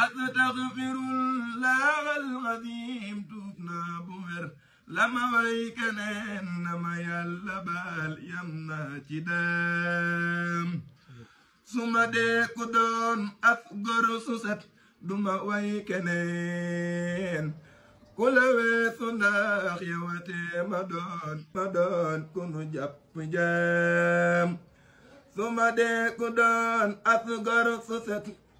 astaxfirullah alxadim tuub naa bu wér la ma way keneen na ma yàlla baal yam naa ci dem su ma dee ku doon ak goro su set du ma way keneen ku la weesu ndax yowatee ma ma doon ku nu jàpp jam su ma dee ku doon ak goro su set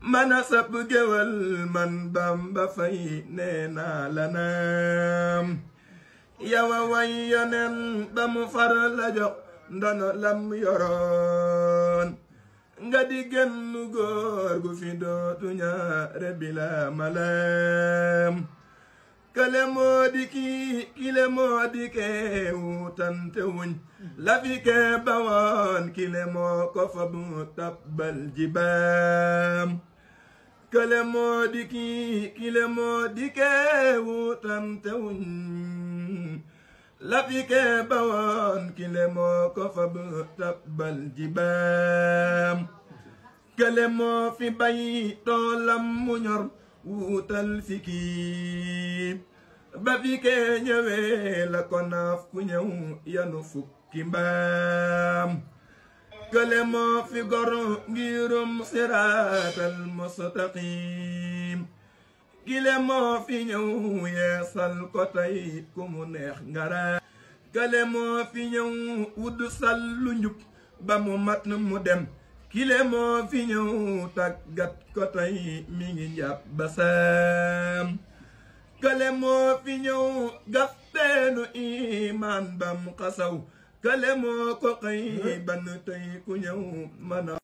mana sab géwal man Bamba Fay nee naa la naam yawa way yonen ba far la jox ndono lam yoroon nga di genn góor gu fi dootu ñaare bila malaam kële moo di kii kile wuñ la fi kee bawoon kile moo ko fa mu tabbal jibaam kële moo di kii kile wuñ la fi kee bawoon kile moo ko fa mu tabbal jibaam kële moo fi bay toolam mu ñor wuutal fi kii ba fi kee la ko naaf ku ñëw yanu fukki mbaam kële moo fi goro ngirum siraatal mustaqim gile moo fi ñëw yeesal ko tey ku mu neex ngara kële moo fi ñëw wudd sal lu njub ba mu mat mu dem kile moo fi ñëw tàggat ko tey mi ngi njàpp basaam kale moo fi ñëw gafteenu imaan bam xasaw kale moo ko xëy ban tey ku ñëw mana